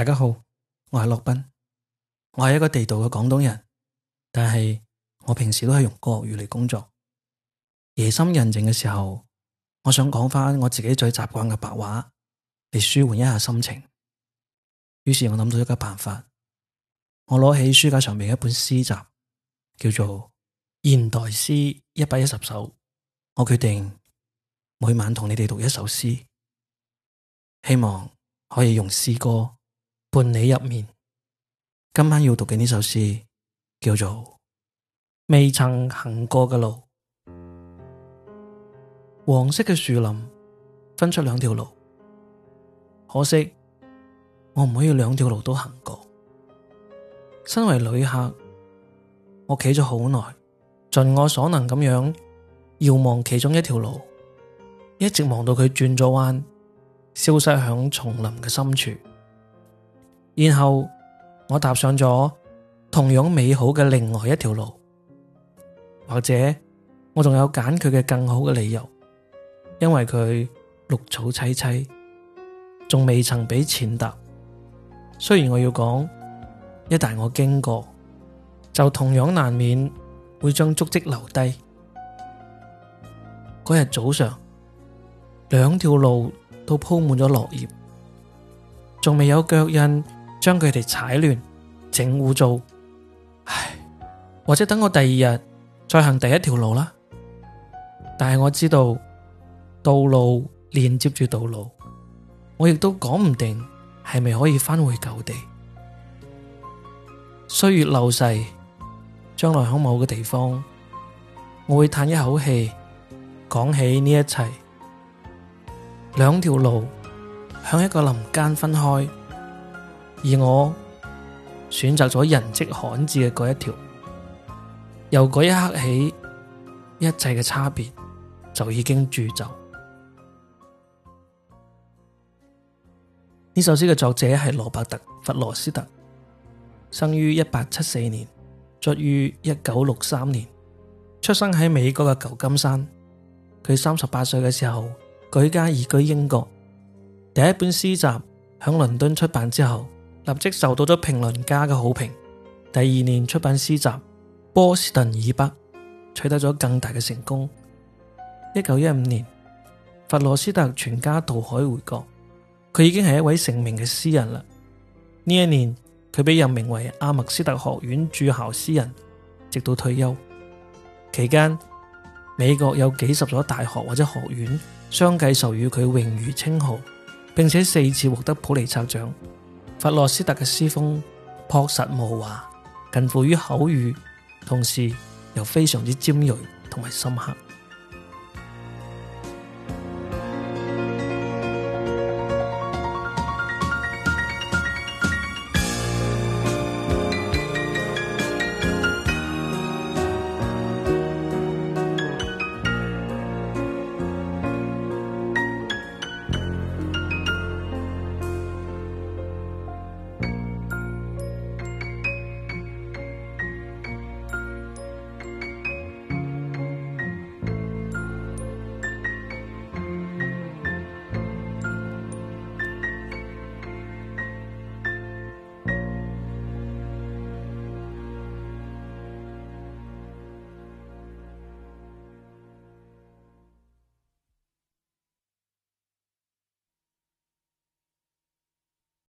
大家好，我係洛賓，我係一個地道嘅廣東人，但係我平時都係用國語嚟工作。夜深人靜嘅時候，我想講翻我自己最習慣嘅白話嚟舒緩一下心情。於是我諗到一個辦法，我攞起書架上面一本詩集，叫做《現代詩一百一十首》，我決定每晚同你哋讀一首詩，希望可以用詩歌。伴你入眠。今晚要讀嘅呢首詩叫做《未曾行過嘅路》。黃色嘅樹林分出兩條路，可惜我唔可以兩條路都行過。身為旅客，我企咗好耐，盡我所能咁樣遙望其中一條路，一直望到佢轉咗彎，消失喺叢林嘅深處。然後我踏上咗同樣美好嘅另外一條路，或者我仲有揀佢嘅更好嘅理由，因為佢綠草萋萋，仲未曾俾踐踏。雖然我要講，一旦我經過，就同樣難免會將足跡留低。嗰日早上，兩條路都鋪滿咗落葉，仲未有腳印。將佢哋踩亂，整污糟。唉，或者等我第二日再行第一條路啦。但係我知道，道路連接住道路，我亦都講唔定係咪可以返回舊地。歲月流逝，將來響某個地方，我會嘆一口氣，講起呢一切。兩條路向一個林間分開。而我選擇咗人跡罕至嘅嗰一條，由嗰一刻起，一切嘅差別就已經鑄就。呢首詩嘅作者係羅伯特·弗羅斯特，生於一八七四年，卒於一九六三年。出生喺美國嘅舊金山，佢三十八歲嘅時候舉家移居英國。第一本詩集響倫敦出版之後。立即受到咗評論家嘅好評。第二年出版詩集《波士頓以北》，取得咗更大嘅成功。一九一五年，弗羅斯特全家渡海回國，佢已經係一位成名嘅詩人啦。呢一年，佢被任命為阿默斯特學院駐校詩人，直到退休。期間，美國有幾十所大學或者學院相繼授予佢榮譽稱號，並且四次獲得普利策獎。弗羅斯特嘅詩風樸實無華，近乎於口語，同時又非常之尖銳同埋深刻。